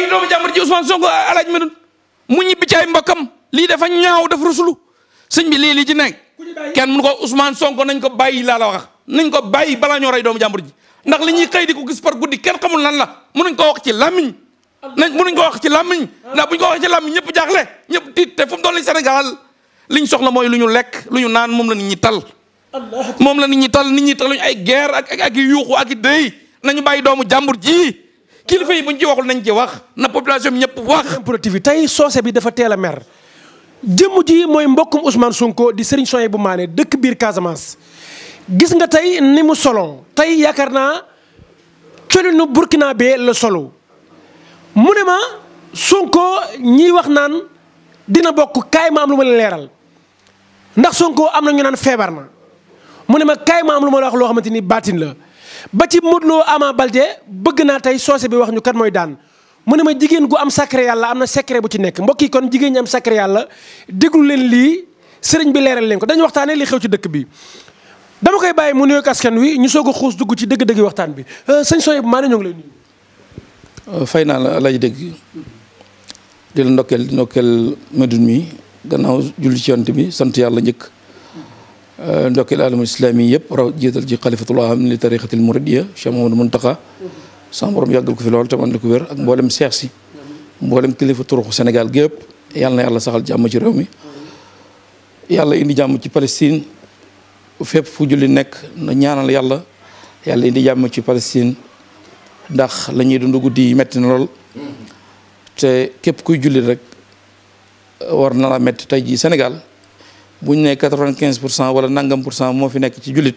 bàyyi doomu jàmbur ji Ousmane Sonko alaaj Medoune lii dafa ñaaw daf rusulu sëñ bi lii li ci nekk kenn mënu ko Ousmane Sonko nañ ko bàyyi laa la wax nañ ko bàyyi balaa ñoo rey doomu jàmbur ji ndax li ñuy xëy di ko gis par guddi kenn xamul lan la mënuñ ko wax ci làmmiñ nañ mënuñ ko wax ci làmmiñ ndax buñ ko wax ci làmmiñ ñëpp jaaxle ñëpp tiit te fu mu doon lañ liñ soxla mooy lu ñu lekk lu ñu naan moom la ni ñi tal moom la nit ñi tal ni ñi taluñ ay guerre ak ak i yuuxu ak i déy nañu bàyyi doomu jàmbur ji kilifa yi buñ ci waxul nañ ci wax na population bi ñëpp wax. impératif tey soose bi dafa teel a mer jëmm ji mooy mbokkum Ousmane Sonko di Serigne Soye bu Maane dëkk biir Casamance. gis nga tey ni mu solo tey yaakaar naa colinu Burkina bee la solo mu ne ma Sonko ñiy wax naan dina bokk kaay ma am lu ma leen leeral ndax Sonko am na ñu naan feebar na mu ne ma kaay ma am lu ma la wax loo xamante ni baatin la. ba ci Modou Lo Ama Baldé bëgg naa tey soose bi wax ñu kan mooy daan mu ne ma jigéen gu am sacré yàlla am na secret bu ci nekk mbokk yi kon jigéen ñi am sacré yàlla déglu leen lii sëriñ bi leeral leen ko dañu waxtaanee li xew ci dëkk bi. dama koy bàyyi mu nuyoog askan wi ñu soog a xuus dugg ci dëgg-dëgg waxtaan bi euh, sëñ Soye maa ne ñoo ngi lay euh, fay naa la lay dégg di la ndokkeel di ndokkeel Médoune mi gannaaw julli ci yonent bi sant yàlla njëkk. ndokkeel alamu islami yëpp raw jiital ci xalifatul aam li tariqatil muridiyya Cheikh Mamadou Muntaxa sama borom yàggal ko fi lool taman la ko wér ak mboolem seex si mboolem kilifa turuxu Sénégal gépp yàlla na yàlla saxal jàmm ci réew mi yàlla indi jàmm ci Palestine fépp fu ñaanal yàlla yàlla indi jàmm ci Palestine ndax la ñuy dund guddi yi metti na lool te képp kuy julli rek war na la metti tey Sénégal bu ñu ne quatre vingt pour cent wala nangam pour cent moo fi nekk ci jullit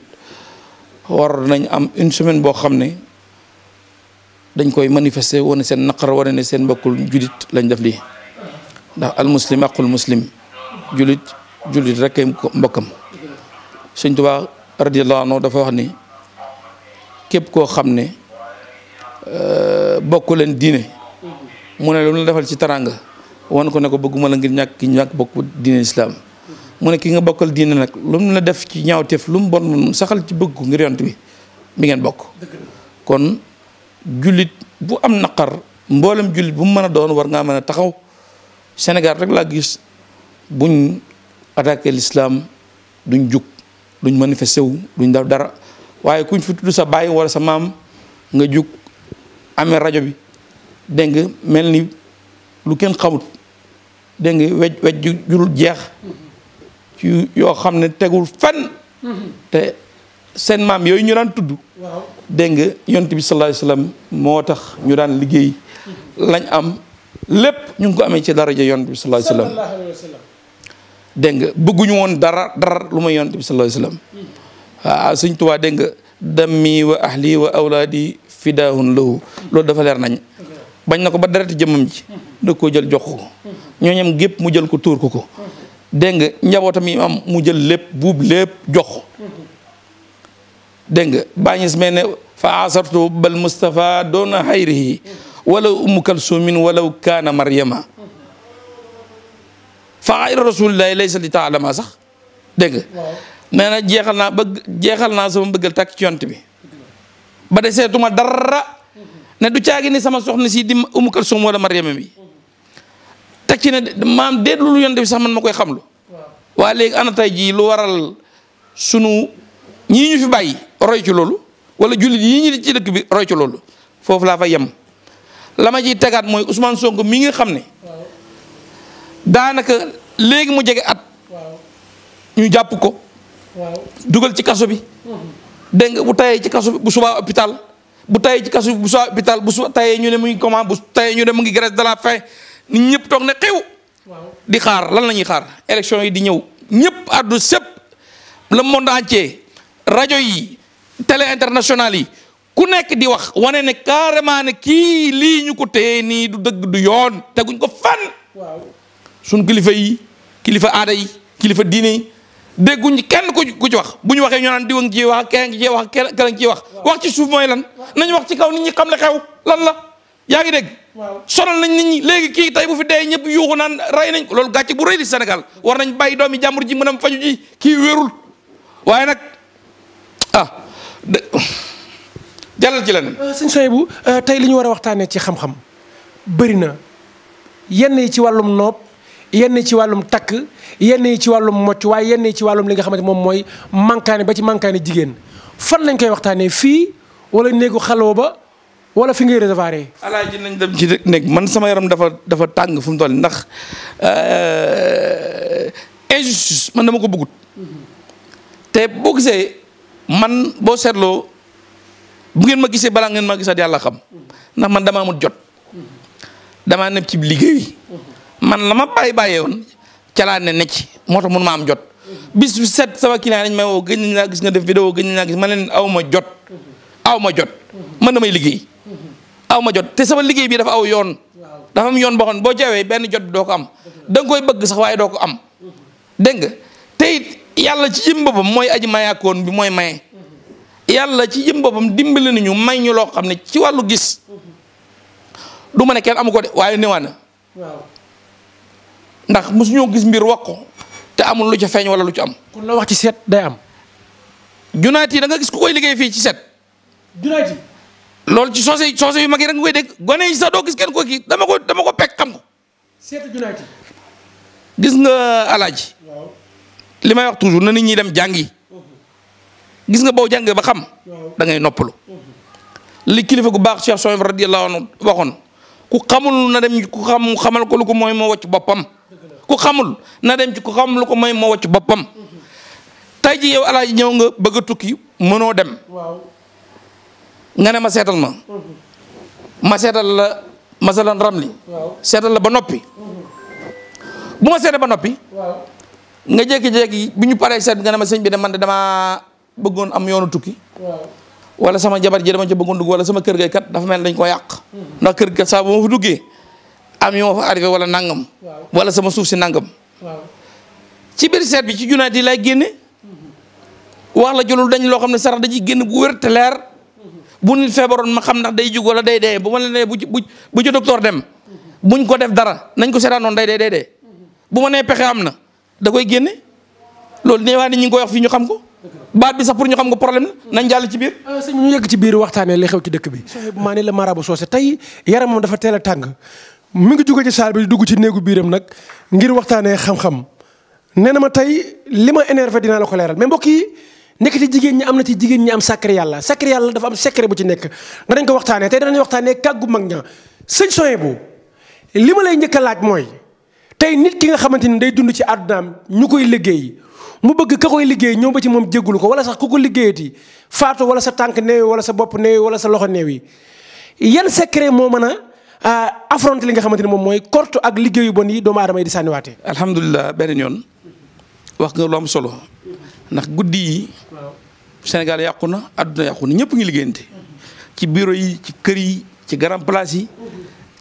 war nañ am une semaine boo xam ne dañ koy manifester wane seen naqar wane ne seen mbokkul jullit lañ def lii ndax al muslim aqul muslim jullit jullit rek kay mbokkam Sëñ Tuubaa radiyallahu anhu dafa wax ni képp koo xam ne euh, bokk leen diine mu ne lu la defal ci taranga wan ko ne ko bëgguma la ngir ñàkk ñàkk bokk diine islam mu ne ki nga bokkal diine nag lu mu la def ci ñaawteef lu mu bon saxal ci bëgg ngir yont bi mi ngeen bokk kon jullit bu am naqar mboolem jullit bu mu mën a doon war ngaa mën a taxaw Sénégal rek laa gis buñ attaqué lislaam duñ jug duñ manifesté wu duñ def dara waaye kuñ fi tudd sa baay wala sa maam nga jug amee rajo bi dégg nga mel ni lu kenn xamut dégg nga wej wej ju jeex yoo xam ne tegul fenn te seen maam yooyu ñu daan tudd dégg nga yonent bi sallallahu alayhi moo tax ñu daan liggéey lañ am lépp ñu ngi ko amee ci daraja yonent bi sallallahu alayhi wasallam nga bëgguñu woon dara dara lu may yonent bi sallallahu alayhi wasallam waaw sëñ Tuubaa dégg nga dammi wa ahli wa awlaadi fidaahun lahu loolu dafa leer nañ bañ na ko ba deret jëmmam ji da koo jël jox ko hmm. ñooñam gépp mu jël ko tuur ko ko dégg nga njabootam yi am mu jël lépp buub lépp jox dégg nga bàñis mel ne fa asartu bal Mustafa doona xayrihi walaw ummu kalsumin walaw kaana maryama fa xayra rasulillahi laysa li taalama sax dégg nga nee jeexal naa bëgg jeexal naa sama bëggal tàkk ci yont bi ba deseetuma dara mm-hmm. ne du caagi ni sama soxna si di ummu kalsum wala maryama bi teg ci ne maam déet lu yonte bi sax man ma koy xamlu waa léegi ana tey jii lu waral sunu ñii ñu fi bàyyi roy ci loolu wala jullit yii ñi ci dëkk bi roy ci loolu foofu laa fa yem la ma tegaat mooy Ousmane Sonko mi nga xam ne daanaka léegi mu jege at ñu jàpp ko dugal ci kaso bi mm-hmm. dégg nga bu tayee ci kaso bi bu subaa hôpital bu tayee ci kaso bi bu subaa hôpital bu subaa tayee ñu ne mu ngi comment bu tayee ñu ne mu ngi grève de la faim nit ñëpp toog ne xew di xaar lan la ñuy xaar élection yi di ñëw ñëpp àdduna sépp la monde ce rajo yi télé international yi ku nekk di wax wane ne carrément ne kii lii ñu ko téye nii du dëgg du yoon teguñ ko fan suñ kilifa yi kilifa aada yi kilifa diine yi dégguñ kenn ku ci wax bu ñu waxee ñoo naan diwa ngi ciy wax keneen ngi ciy wax keneen wax ci suuf mooy lan nañu wax ci kaw ni ñi xam le xew lan la yaa ngi dégg sonal nañ nit ñi léegi kii tay bu fi dee ñëpp yuuxu naan rey nañ ko loolu gàcce bu rëy di Sénégal war nañ bàyyi doomi jàmbur ji mën a faju ji kii wérul waaye nag ah jàllal ci leneen. Euh, sëñ bu euh, tey li ñu war a waxtaanee ci xam-xam bëri na yenn yi ci wàllum noob yenn yi ci wàllum takk yenn yi ci wàllum mocc waaye yenn yi ci wàllum li nga xamante moom mooy mankaane ba ci mankaane jigéen fan lañ koy waxtaanee fii wala néegu xaloo ba. wala fi ngay réservoir yi. alaaji nañ dem ci nekk man sama yaram dafa dafa tàng fu mu toll ndax euh, injustice man dama ko bëggut te boo gisee man boo seetloo bu ngeen ma gisee balaa ngeen ma gisaat yàlla xam ndax man dama amut jot damaa nekk ci liggéey man la ma bàyyi bàyyee woon ca laa ne ne ci moo tax mun ma am jot bis bu set sama client dañ may woo gëj nañ gis nga def vidéo gëj nañ laa gis ma leen awma jot. aw ma jot na may liggéey aw ma jot te sama liggéey bi dafa aw yoon dafa am yoon boo xam ne boo jawee benn jot bi doo ko am danga koy bëgg sax waaye doo ko am dégg nga te yàlla ci jëm boppam mooy aji mayaakoon bi mooy maye yàlla ci jëm boppam dimbali nañu may ñu loo xam ne ci wàllu gis du ma kenn amu ko de waaye néewaa na ndax mosuñoo gis mbir wax te amul lu ca feeñ wala lu ca am. kon la wax ci seet day am. junaat yi da nga gis ku koy liggéey fii ci seet. junaa ci loolu ci soose soose yu mag yi rek nga koy dégg gone yi sax doo gis kenn ko kii dama ko dama ko pekk xam ko seetu junaa gis nga alaaji li may wax toujours na nit ñi dem jàngi gis nga boo jàngee ba xam da ngay noppalu li kilifa gu baax Cheikh Sohayb radiyallahu anhu waxoon ku xamul na dem ku xam xamal ko lu ko mooy moo wàcc boppam ku xamul na dem ci ku lu ko mooy moo wàcc boppam tey ji yow alaaji ñëw nga bëgg a tukki mënoo dem nga ne ma seetal ma ma seetal la masalan ramli seetal la ba noppi bu ma seetal ba noppi nga jékki-jékki bi ñu paree seet nga ne ma sëñ bi de man de damaa bëggoon am yoonu tukki wala sama jabar ji dama ca bëggoon dugg wala sama kër gay kat dafa mel dañ ko yàq ndax kër ga saa bu ma fa duggee am yu ma fa arrivé wala nangam wala sama suuf si nangam ci biir seet bi ci junaat yi lay génne wax la jolul dañ loo xam ne sarax da ciy génn bu wér te leer bu nit feebaroon ma xam ndax day jug wala day dee bu ma la nee bu ci bu ci docteur dem buñ ko def dara nañ ko seetaan day dee day dee bu ma nee pexe am na da koy génne loolu nee waa ñu ngi koy wax fi ñu xam ko. baat bi sax pour ñu xam nga problème la nañ jàll ci biir. Euh, sëñ ñu yëgg ci biir waxtaanee li xew ci dëkk bi. maa ne la marabu soose tey yaramam dafa teel a tàng mu ngi jóge ci saal bi dugg ci néegu biiram nag ngir waxtaanee xam-xam nee na ma tey li ma énervé dinaa la ko leeral mais mbokk yi nekk ci jigéen ñi am na ci jigéen ñi am sacré yàlla sacré yàlla dafa am secret bu ci nekk danañ ko waxtaanee tey danañ waxtaanee kàggu mag ña sëñ soye bu li ma lay njëkk laaj mooy tey nit ki nga xamante ni day dund ci àddunaam ñu koy liggéey mu bëgg ka koy liggéey ñëw ba ci moom jéggulu ko wala sax ku ko liggéeyati faatu wala sa tànk néew wala sa bopp néew wala sa loxo néew yi yan secret moo mën a affronter li nga xamante ni moom mooy korte liggéeyu bon yi doomu aadama yi di sànniwaatee. beneen yoon wax nga solo. ndax guddi yi Sénégal yàqu na àdduna yàqu na ñëpp ngi liggéeyante ci bureau yi ci kër yi ci grand place yi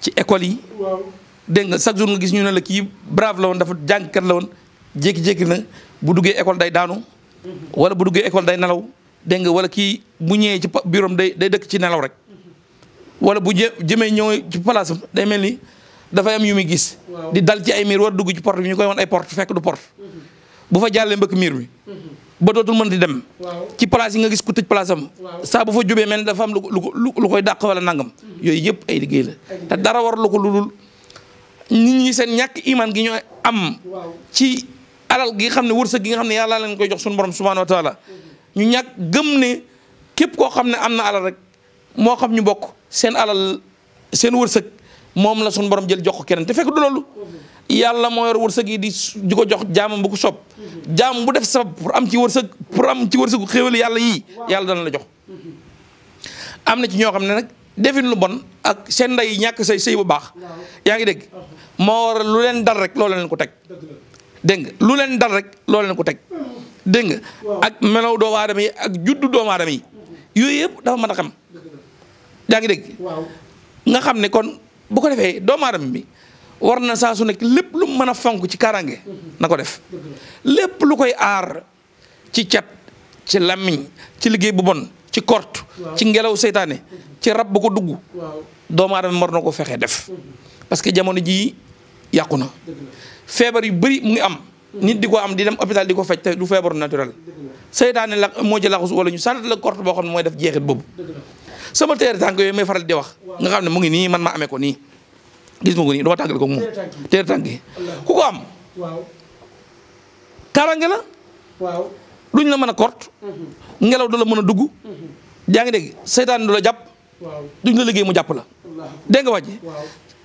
ci école yi dégg nga chaque jour nga gis ñu ne la kii brave la woon dafa jàngkat la woon jékki-jékki na bu duggee école day daanu wala bu duggee école day nelaw dégg nga wala kii bu ñëwee ci bureau am day day dëkk ci nelaw rek wala bu jë jëmee ñëw ci place day mel ni dafay am yu muy gis di dal ci ay miir war dugg ci porte bi ñu koy woon ay porte fekk du porte bu fa jàllee mbëkk miir mi mhm. ba dootul mën di dem. ci place yi nga gis ku tëj place am. saa bu fa jubee mel dafa am lu lu lu koy dàq wala nangam. yooyu yëpp ay liggéey la. te dara war lu ko lu nit ñi seen ñàkk imaan gi ñooy am. ci alal gi nga xam ne wërsëg gi nga xam ne yàlla leen koy jox suñu borom subhaanahu wa taala ñu ñàkk gëm ne képp koo xam ne am na alal rek moo xam ñu bokk seen alal seen wërsëg moom la suñu borom jël jox ko keneen te fekk du loolu. Mhm. yàlla moo yor wërsëg yi di di ko jox jaamam bu ko sopp jaam bu def sabab pour am ci wërsëg pour am ci wërsëgu xéwal yàlla yii yàlla dana la jox am na ci ñoo xam ne nag defin lu bon ak seen ndey ñàkk say say bu baax yaa ngi dégg moo war lu leen dal rek loolu leen ko teg dégg nga lu leen dal rek loolu leen ko teg dégg nga ak melaw doomu aadama yi ak juddu doomu aadama yi yooyu yëpp dafa mën a xam yaa ngi dégg nga xam ne kon bu ko defee doomu aadama bi war na saa su nekk lépp lu mën a fonk ci karange na ko def lépp lu koy aar ci cat ci làmmiñ ci liggéey bu bon ci corte ci ngelaw seytaane ci rab bu ko dugg doomu aadama war na ko fexe def parce que jamono jii yàqu na feebar yu bëri mu ngi am nit di ko am di dem hôpital di ko faj te du feebaru naturel seytaane la moo ci laxus ñu sant la kort boo xam ne mooy def jeexit boobu sama teer tànk yooyu may faral di wax nga xam ne mu ngi nii man ma amee ko nii gis ma ko nii dama tàggal ko moom teer tànk yi ku ko am kaaraange la duñ la mën a kort mhm. ngelaw du la mën a dugg mhm. yaa ngi dégg seytaan du la jàpp duñ la liggéey mu jàpp la dégg nga wax ji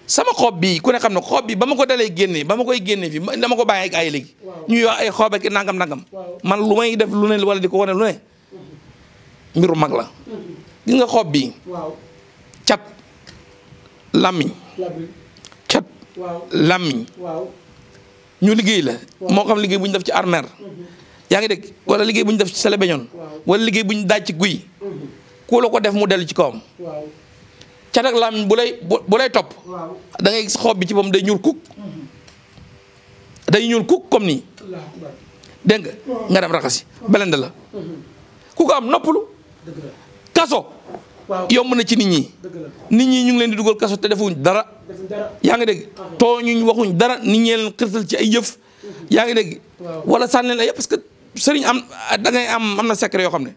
sama xob bi ku ne xam ne xob bi ba ma ko dalee génne ba ma koy génne fi dama ko bàyyi ak ay léegi ñuy wax ay xoob ak nangam nangam man lu may def lu ne wala di ko wane lu ne mhm. mbiru mag la gis nga xoob bi cat làmmiñ làmmiñ ñu liggéey la moo xam liggéey bu ñu def ci armeer mhm. yaa ngi dégg wala liggéey bu ñu def ci sele beñoon wala liggéey bu ñu daaj ci guy mhm. ku la ko def mu dellu ci kawam cat ak làmmiñ bu lay topp da ngay gis xob bi ci moom day ñuul kuk mhm. day ñuul kuk comme nii dégg nga nga dem raxasi belend la ku ko am noppalu kaso yomb na ci nit ñi nit ñi ñu ngi leen di dugal kaso te defuñ dara yaa ngi dégg tooñuñ waxuñ dara nit ñee leen xirtal ci ay yëf yaa ngi dégg wala sànni ay yëf parce que sëriñ am da ngay am am na secret yoo xam ne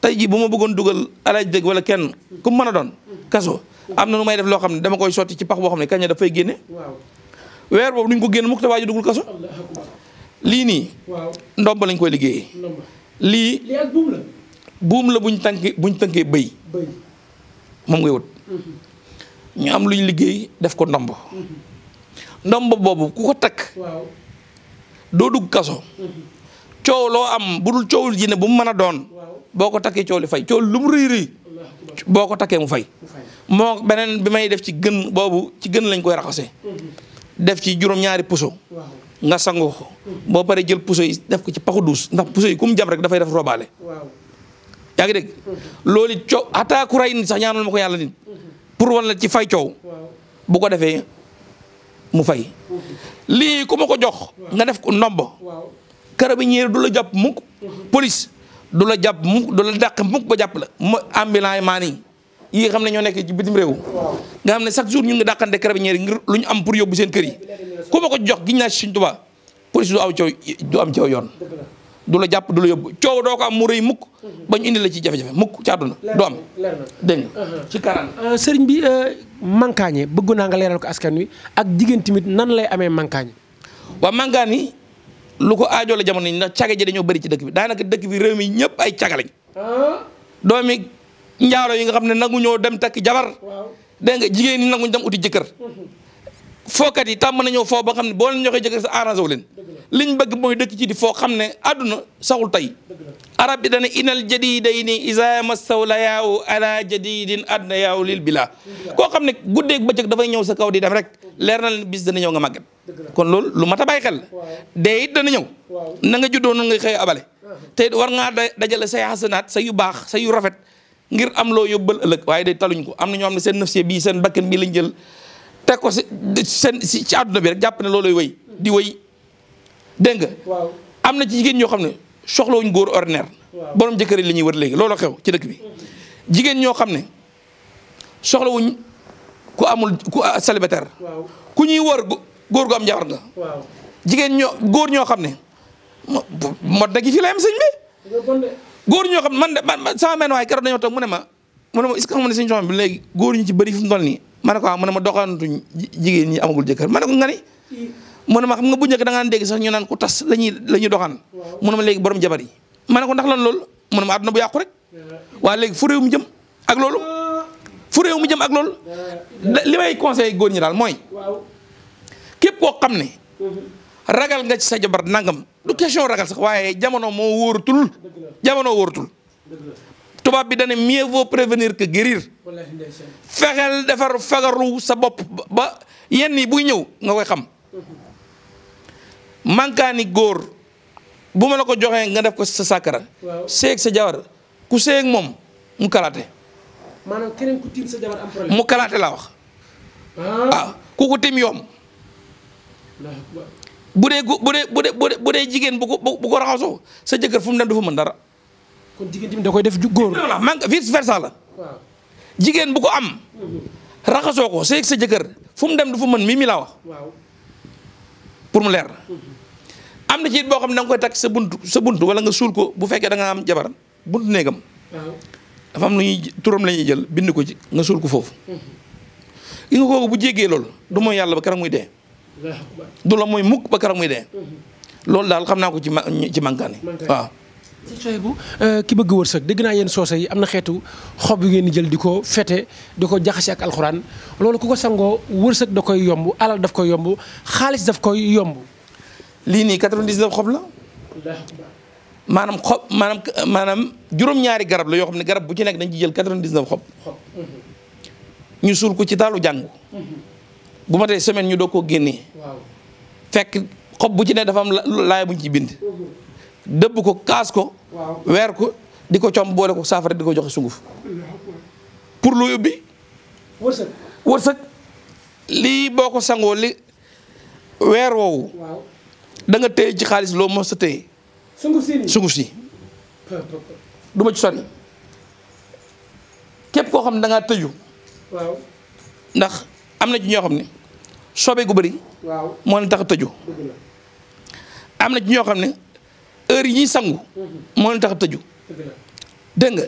tey jii bu ma bëggoon dugal alaaj dégg wala kenn ku mën a doon kaso am na nu may def loo xam ne dama koy sotti ci pax boo xam ne kañ dafay génne weer boobu duñ ko génn mukk te waaju dugul kaso lii nii ndomb lañ koy liggéeyee lii buum la buñ tànkee buñ tànkee bëy moom ngay wut mm-hmm. ñu am luñ liggéey def ko ndomb mm-hmm. ndomb boobu ku ko takk doo dugg kaso mm-hmm. coow loo am bu dul coowul jinne bu mu mën a doon boo ko takkee coow li fay coow lu mu rëy boo ko takkee mu fay moo beneen bi may def ci gën boobu ci gën lañ koy raxase def ci juróom-ñaari puso nga sangu ko boo paree jël puso yi def ko ci paxu duus ndax puso yi ku mu jam rek dafay def robaale yaa ngi dégg loolu coow xataa ku ray nit sax ñaanal ma ko yàlla nit pour wan la ci fay coow bu ko defee mu fay lii ku ma ko jox nga def ko ndomb carabinier du la jàpp mukk police du la jàpp mukk du la daq mukk ba jàpp la ma ambulant yi maani yi xam ne ñoo nekk ci bitim réew nga xam ne chaque jour ñu ngi dàqante carabinier ngir lu ñu am pour yóbbu seen kër yi ku ma ko jox giñ naa si Sëñ Tuubaa police du am coow yoon du la jàpp du la yóbbu coow doo ko am mu rëy mukk ba bañ indi la ci jafe-jafe mukk ci àdduna du am dégg uh-huh. ci karaan euh, sëriñ bi euh, mankaañe bëgg naa nga leeral ko askan wi ak jigéen tamit nan lay amee mankaañe waaw mankaan yi lu ko aajoo la jamono yi ndax cage ji dañoo bari ci dëkk bi daanaka dëkk bi réew mi ñëpp ay cagalañ uh-huh. doomi njaaro yi nga xam ne nangu ñoo dem takk jabar dégg nga jigéen ñi nanguñ dem uti jëkkër uh-huh. fookat yi tàmm nañoo foo ba xam ne boo leen joxee jëkkër sa arrangé wu leen liñ bëgg mooy dëkk ci di foo xam ne àdduna saxul tey arab bi dana inal jadidayni isa mastawla yaaw ala jadidin adna yaaw lil bila koo xam ne guddeeg bëccëg dafay ñëw sa kaw di dem rek leer na leen bis dana ñëw nga màgget kon loolu lu mat a bàyyi xel dee it dana ñëw na nga juddoo noonu ngay xëy abale te war ngaa dajale say xasanaat say yu baax say yu rafet ngir am loo yóbbal ëllëg waaye day taluñ ko am na ñoo ne seen nafsiya bii seen bakkan bii lañ jël teg ko si seen si ci àdduna bi rek jàpp ne loolooy wéy di wéy dégg nga. waaw am na ci jigéen ñoo xam ne soxlawuñ góor ordinaire. borom jëkkër la ñuy léegi looloo ci dëkk bi. jigéen ñoo xam ne soxlawuñ ku amul ku célibataire. ku ñuy wër góor gu am jabar nga. jigéen ñoo góor ñoo xam ne mot na gi fi la yem sëñ bi. góor ñoo xam ne man de man sama meen waaye keroog dañoo toog mu ne ma mu ne ma est-ce que xam nga ne sëñ bi léegi góor ñu ci bari fu mu toll nii. ma ne ko ah mu ne ma doxaantuñ jigéen ñi amagul jëkkër ma ne ko nga ni mu ne ma xam nga bu njëkk da ngaan sax ñu naan ku tas la ñuy la ñuy doxaan mu ne ma léegi borom jabar yi ma ko ndax lan loolu mu ne ma àdduna bu yàqu rek waa léegi fu réew mi jëm ak loolu fu réew mi jëm ak loolu li may conseil góor ñi daal mooy képp koo xam ne mm-hmm. ragal nga ci sa jabar nangam du question ragal sax waaye jamono moo wóorutul jamono wóorutul tubaab bi dane mieux vaut prévenir que guérir fexeel defar fagaru sa bopp ba yenn yi buy ñëw nga koy xam mankaani góor bu ma la ko joxee nga def ko sa sàkkara seeg sa jawar ku seeg moom mu kalaate maanaam keneen ku tiim sa jabar am problème mu kalaate laa wax waaw ah. ah, ku ko tiim yoom bu dee bu dee bu dee bu dee jigéen bu ko bu ko raxasoo sa jëkkër fu mu dem du fa mën dara kon jigéen da koy def ju góor. voilà man vice versa la. jigéen bu ko am. Mhm. raxasoo ko sa yëg sa jëkkër fu mu dem du fu mën mii mi laa wax. waaw pour mu leer. Mhm. am na ci it boo xam ne da koy takk sa bunt sa buntu wala nga suul ko bu fekkee da nga am jabar buntu néegam. waaw dafa am lu ñuy turam la ñuy jël bind ko ci nga suul ko foofu. Mhm. gi nga kooku bu jéggee loolu du mooy yàlla ba keroog muy dee. du la mooy mukk ba keroog muy dee. loolu daal xam naa ko ci ma ci mankaani waaw. sëñ Sohaibou euh, ki bëgg wërsëg dégg naa yéen soose yi am na xeetu xob yu ngeen di jël di ko fete di ko jaxase ak alxuraan loolu ku ko sangoo wërsëg da koy yomb alal daf koy yomb xaalis daf koy yomb. lii nii 99 xob la. maanaam xob maanaam maanaam juróom-ñaari garab la yoo xam ne garab bu ci nekk dañ ci jël 99 xob. ñu suul ko ci taalu jàngu. bu ma tey semaine ñu doo koo génnee. fekk xob bu ci ne dafa am laay buñ ci bind. dëbb ko kaas ko. weer ko di ko com boole ko saafara di ko joxe sunguf pour lu ubbi. wërsëg wërsëg lii boo ko sangoo li weer woowu. da nga ci xaalis loo mos a téye. sunguf si sunguf si. du ci sori képp koo xam ne da tëju. ndax am na ci ñoo xam ne sobe gu bëri. waaw moo leen tax a tëju. am na ci ñoo xam ne. heure yi ñuy sangu moo leen tax a tëju dégg nga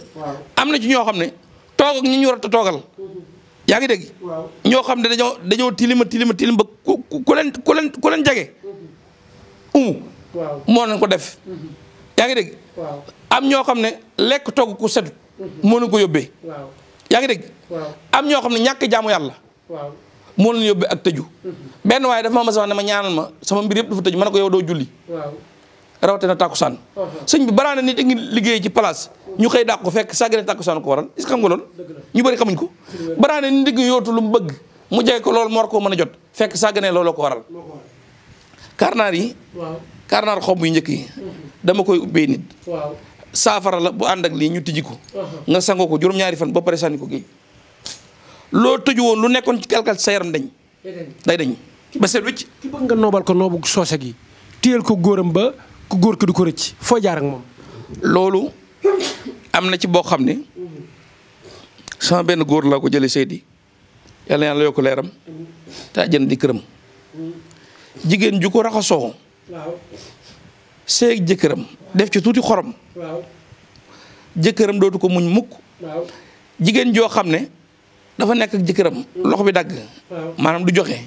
am na ci ñoo xam ne toog ak ñu war a toogal yaa ngi dégg ñoo xam ne dañoo dañoo tilima tilima tilim ba ku ku leen ku leen jege umu moo leen ko def yaa ngi dégg am ñoo xam ne lekk togg ku setu moo leen ko yóbbee yaa ngi dégg am ñoo xam ne ñàkk jaamu yàlla moo leen yóbbee ak tëju benn waaye dafa ma ma sax ne ma ñaanal ma sama mbir yëpp dafa tëju ma ne ko yow doo julli rawatina tàkkusaan sëñ bi baraana nit a ngi liggéey ci place ñu xëy dàq ko fekk sàggane tàkkusaan ko waral is xam nga loolu ñu bëri xamuñ ko baraana nit ngi yootu lu mu bëgg mu jege ko lool mu war koo mën a jot fekk sàggane looloo ko waral karnaar yi karnaar xob yu njëkk yi dama koy ubbee nit saafara la bu ànd ak lii ñu tijji ko nga sangoo ko juróom-ñaari fan ba pare sànni ko géej loo tëju woon lu nekkoon ci kalkal sa yaram dañ day dañ ba seet ko noobu soose gi téyel ko ku góor ki du ko rëcc foo jaar moom. loolu am na ci boo xam ne sama benn góor laa ko jëlee Seydi yàlla yàlla yokk leeram te àjjana di këram jigéen ju ko raxasoo seeg jëkkëram def ci tuuti xorom jëkkëram dootu ko muñ mukk jigéen joo xam ne dafa nekk jëkkëram loxo bi dagg maanaam du joxe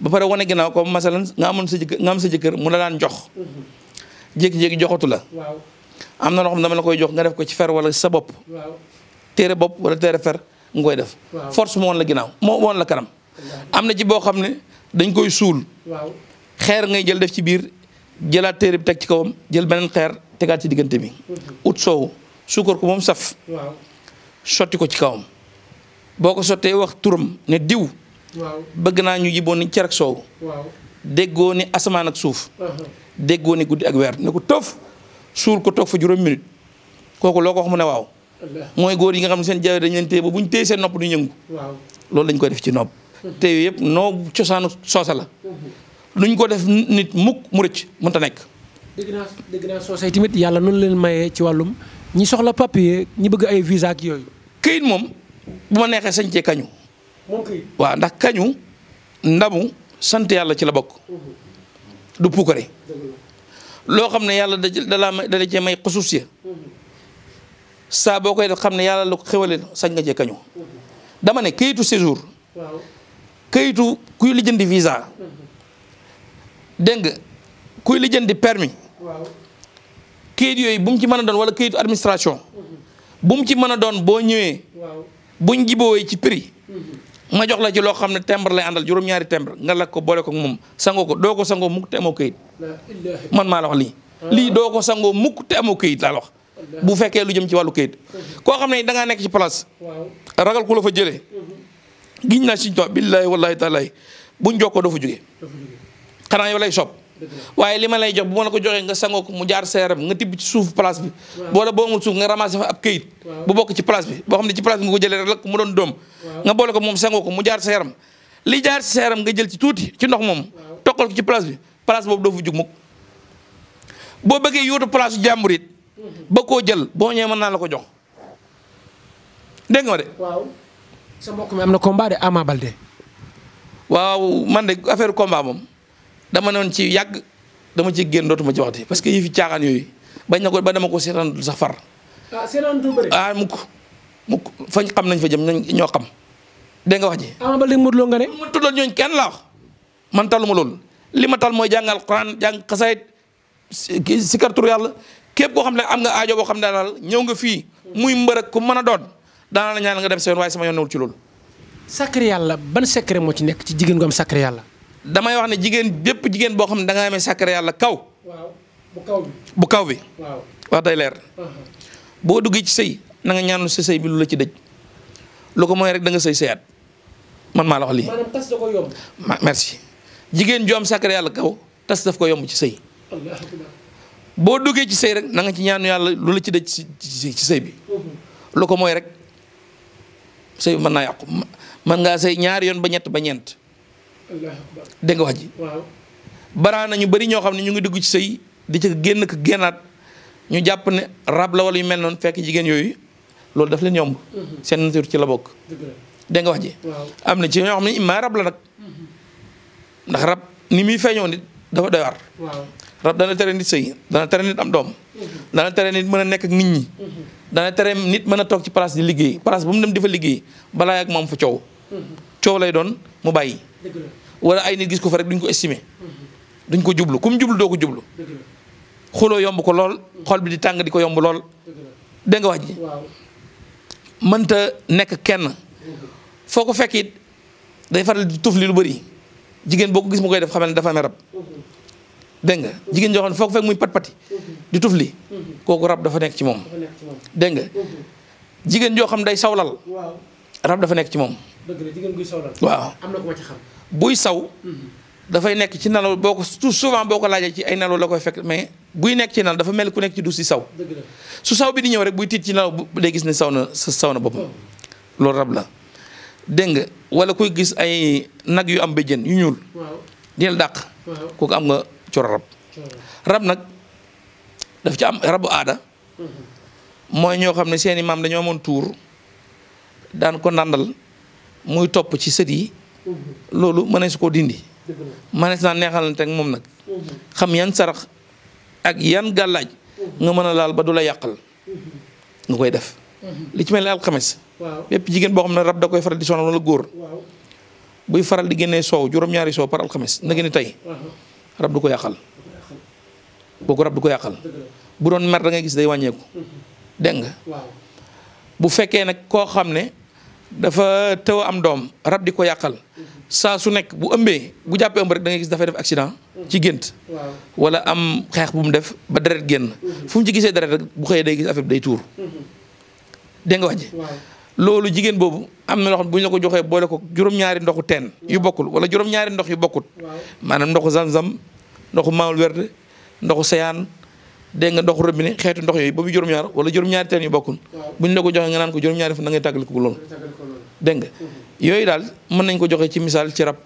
ba pare wane ginnaaw ko masalan nga amoon sa jëkkër am sa jëkkër mu la daan jox mm-hmm. jékki-jékki joxatu la. am na loo xam ne dama la koy jox nga def ko ci fer wala sa bopp. téere bopp wala téere fer nga koy def. force moo woon la ginnaaw moo woon la kanam. am na ci boo xam ne dañ koy suul. xeer ngay jël def ci biir jëlaat téere bi teg ci kawam jël beneen xeer tegaat ci diggante bi. Mm-hmm. ut soow suukar ko moom saf. sotti ko ci kawam. boo ko sottee wax turam ne diw. bëgg naa ñu jiboon ni cer ak déggoo ni asamaan ak suuf. Uh-huh. déggoo ne guddi ak weer ko tëf suul ko toog fa juróom kooku loo ko mu ne waaw mooy góor yi nga xam ne seen jawe dañ ba bu ñu téye nopp du ñëngu loolu lañ koy def ci nopp te yëpp noo cosaanu soose la uhuh. luñ ko def nit mukk mu rëcc mën nekk dégg naa yi tamit yàlla noonu leen mayee ci wàllum ñi soxla papier ñi bëgg ay visa ak yooyu moom bu ma neexee sañ cee kañu moom ndax kañu ndamu sant yàlla ci la bokk uhuh. du puukare loo xam ne yàlla da dalaa may dala cee may xusuus ya saa boo koy def xam ne yàlla la ko sañ nga cee kañu dama ne kayitu séjour kayitu kuy lijjanti visa dégg nga kuy di permis kayit yooyu bu mu ci mën a doon wala kayitu administration mm-hmm. bu mu ci mën a doon boo ñëwee buñ jiboowee ci prix mm-hmm. ma jox la ci loo xam ne timbre lay àndal juróom-ñaari timbre nga lakk ko boole ko moom sangoo ko doo ko sangoo mukk te amoo kayit man maa la wax lii lii doo ko sangoo mukk te amoo kayit laa bu fekkee lu jëm ci wàllu kayit koo xam ne da ngaa nekk ci place ragal ku la fa jële giñ naa siñ to billaahi wallaahi taalaay buñ jokkoo doo fa jógee xanaa yow lay sopp waaye li ma lay jox bu ma la ko joxee nga sangoo mu jaar seeram nga tibb ci suuf place bi boole boo amul suuf nga ramassé fa ab këyit bu bokk ci place bi boo xam ne ci place bi nga ko jëlee rek lakk mu doon doom ko moom sangoo ko mu li jaar ci seeram nga jël ci tuuti ci ndox moom tokkal ko ci place bi place boobu doo fa jug mukk boo bëggee yóotu place su mhm. ba koo jël boo ñëwee man naa la ko jox dégg ma de. sa mbokk mi am na combat de Ama Baldé. waaw man de affaire combat moom. dama noon ci yàgg dama ci génn dootuma ci waxati parce que yii fi caaxaan yooyu bañ na ko ba dama ko seetaanul sax far. ah seetaanul bëri. ah mukk fañ xam nañ fa jëm ñoo xam de nga wax ji. Ama Baldé Modou Lo nga ne. ma tuddal ñooñ la wax man taluma loolu li ma tal mooy jàngal Alxuraan jàng xasaayit sikar tur yàlla képp koo xam ne am nga aajo boo xam ne daal ñëw nga fii. muy mbër ak ku mën a doon daanaka ñaan nga dem sa yoon waaye sama yoon newul ci lool sacré yàlla ban secret moo ci nekk ci jigéen gu am sacré yàlla. damay wax ne jigéen bépp jigéen boo xam ne danga amee sàkkar yàlla kaw. bu kaw bi. bu wax day leer. Uh-huh. boo duggee ci sëy na nga ñaanul sa sëy bi lu la ci dëj lu ko mooy rek da nga sëy sëyaat man maa la merci jigéen ju am sàkkar kaw tas daf ko yomb ci sëy. boo duggee ci sëy rek na nga ci ñaanu yàlla lu la ci dëj ci ci sëy bi. Uh-huh. lu ko mooy rek sëy mën naa yàqu mën ngaa sëy ñaari yoon ba ñett ba ñeent. dégg ji. waaw baraana ñu bari ñoo xam ne ñu ngi dugg ci sëy di ci génn ko génnaat ñu jàpp ne rab la wala yu mel noonu fekk jigéen yooyu loolu daf leen yomb. Mhm. seen nature ci la bokk. dégg nga ji. am na ci ñoo xam ne immaa rab la nag mhm. ndax rab ni muy feeñoo nit dafa doy war. rab dana tere nit sëy dana tere nit am doom mhm. dana tere nit mën a nekk ak nit ñi dana tere nit mën a toog ci place di liggéey place bu mu dem di fa liggéey balaa yàgg moom fa coow coow lay doon mu bàyyi. wala ay nit gis ko fa rek duñ ko estimer. duñ ko jublu kum jublu doo ko jublu. xuloo yomb ko lool xol bi di tàng di ko yomb lool. dégg nga wax ji mënta nekk kenn. foo ko fekk it day faral di tuuf li lu bari jigéen boo ko gis mu koy def xamal ne dafa amee rab. dégg nga jigéen joo xam ne foo ko fekk di tuf li kooku rab dafa nekk ci moom dégg nga jigéen joo xam day sawlal rab dafa nekk ci moom dëgg la jigéen guy waaw buy saw. Mhm. dafay nekk ci nelaw boo ko souvent boo ko laajee ci ay nelaw la koy fekk mais buy nekk ci nelaw dafa mel ku nekk ci duus si saw. su saw bi di ñëw rek buy tiit ci nelaw bu day gis ne saw na saw na boppam. Oh. loolu rab la dégg walla wala kuy gis ay nag yu am bëjjën yu ñuul. waaw dina dàq. kooku am nga coro rab. rab nag daf ci am rabu aada. Mhm. mooy ñoo xam ne seeni maam dañoo amoon tuur daan ko nàndal muy topp ci sët yi loolu mënees koo dindi mënees naa neexalante ak moom nag mhm. xam yan sarax ak yan gàllaaj mhm. nga mën a laal ba du la yàqal mhm. nga koy def li ci mel ni alxames jigéen boo xam ne rab da koy faral di sonal wala góor buy faral di génnee soow juróom-ñaari soow par alxames na génne tey rab du ko yàqal booku rab du ko yàqal bu doon mer da gis day wàññeeku dégg nga bu fekkee nag koo xam ne dafa teew am doom rab di ko yàqal saa su nekk bu ëmbee bu jàppee ëmb rek da gis dafay def accident ci gént wala am xeex bu mu def ba deret génn mhm. fu ci gisee deret rek bu xëyee day gis affaire bi day tuur mhm. dégg nga wàññi loolu jigéen boobu am na loo bu ñu la ko joxee boole ko juróom-ñaari ndoxu teen yu bokkul wala juróom-ñaari ndox yu bokkut maanaam ndoxu zamzam ndoxu maawul werde ndoxu seyaan dégg nga ndox robinet xeetu ndox yooyu ba mu juróom-ñaar wala juróom-ñaari teen yu bokkul buñ la ko joxee nga naan ko juróom-ñaari fan da ngay tàggal ko loolu dégg mhm. yooyu daal mën nañ ko joxe ci misaal ci rab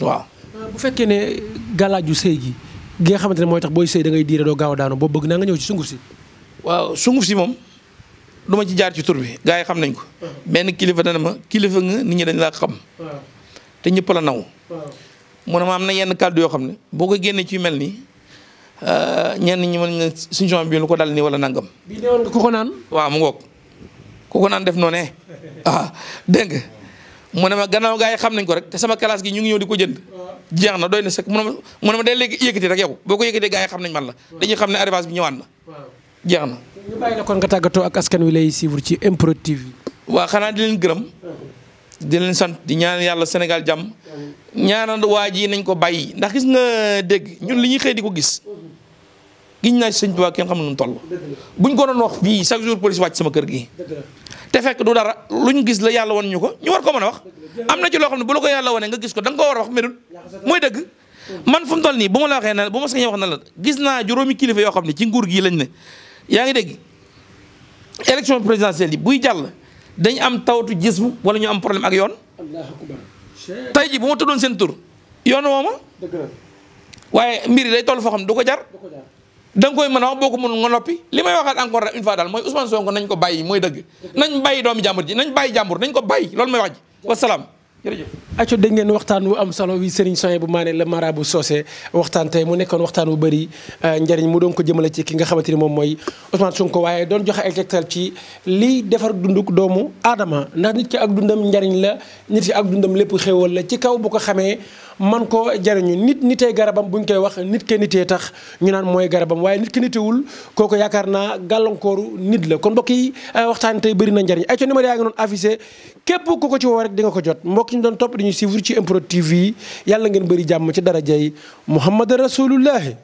waaw euh, bu fekkee ne galaaju sëy gi gi nga xamante ne mooy tax booy sëy da ngay diire doo gaaw a daanu boobu bëgg naa nga ñëw ci sunguf si waaw sunguf si moom du ci jaar ci tur gaa yi xam nañ ko benn kilifa na ma kilifa nga nit ñi dañ laa xam te la naw mu ne na yenn kàddu yoo xam ne boo ko génnee ci mel nii Euh, ñenn ñi ñu nañu suñu son bi lu ko dal nii wala nangam. bii ku ko naan. waaw mu ngoog ku ko naan def noonu ne eh? ah dégg nga ma gannaaw gaa yi xam nañ ko rek te sama classe gi ñu ngi ñëw di ko jënd. jeex na doy na sëkk mu ne ma mu ne ma rek yow boo ko yëkkatee gaa yi xam nañ man la. dañuy xam ne arrivage bi ñëwaat na. jeex na. ñu bàyyi la kon nga ak askan wi lay suivre ci MPROD waa waaw xanaa di leen gërëm. dina leen sant di ñaan yàlla Sénégal jàmm ñaanal waa ji nañ ko bàyyi ndax gis nga dégg ñun lu ñuy xëy di ko gis giñ naa si sëñ Tuubaa kenn xam nu mu toll buñ ko doon wax fii chaque jour police wàcc sama kër gi te fekk du dara luñ gis la yàlla wan ñu ko ñu war ko mën a wax am na ci loo xam ne bu la ko yàlla wane nga gis ko danga nga ko war a wax melul mooy dëgg man fu mu toll nii bu ma la waxee na bu ma sañee wax na la gis naa juróomi kilifa yoo xam ne ci nguur gi lañ ne yaa ngi dégg élection présidentielle yi buy jàll dañ am tawtu jismu wala ñu am problème ak yoon tey ji bu ma tuddoon seen tur yoon wooma waaye mbir yi day toll foo xam du ko jar da koy mën a wax boo ko mënul nga noppi li may waxaat encore une fois daal mooy Ousmane Sonko nañ ko bàyyi mooy dëgg nañ bàyyi doomi jàmbur ji nañ bàyyi jàmbur nañ ko bàyyi loolu may wax ji wasalaam jërëjëf acco dégg waxtaan wu am solo wi Serigne Soye bu maane la bu soose waxtaan tey mu nekkoon waxtaan wu bëri euh, njariñ mu doon ko jëmale ci ki nga xamante ni moom mooy Ousmane ko waaye doon joxe ay tegtal ci liy defar dunduk doomu aadama ndax nit ki ak dundam njariñ la nit ki ak dundam lépp xéewal la ci kaw bu ko xamee man ko jariñu nit nitee garabam bu ñu koy wax nit ke nitee tax ñu naan mooy garabam waaye nit ke nitewul kooku yaakaar naa gàllankooru nit la kon mbokk yi eh, waxtaan tey bëri na njariñ ay co numéro yaa ngi noonu affiché képp ku ko ci woo rek di nga ko jot mbokk ñu doon topp di ñu suivre ci MPROD TV yàlla ngeen bëri jàmm ci darajay Muhammad rasulullahi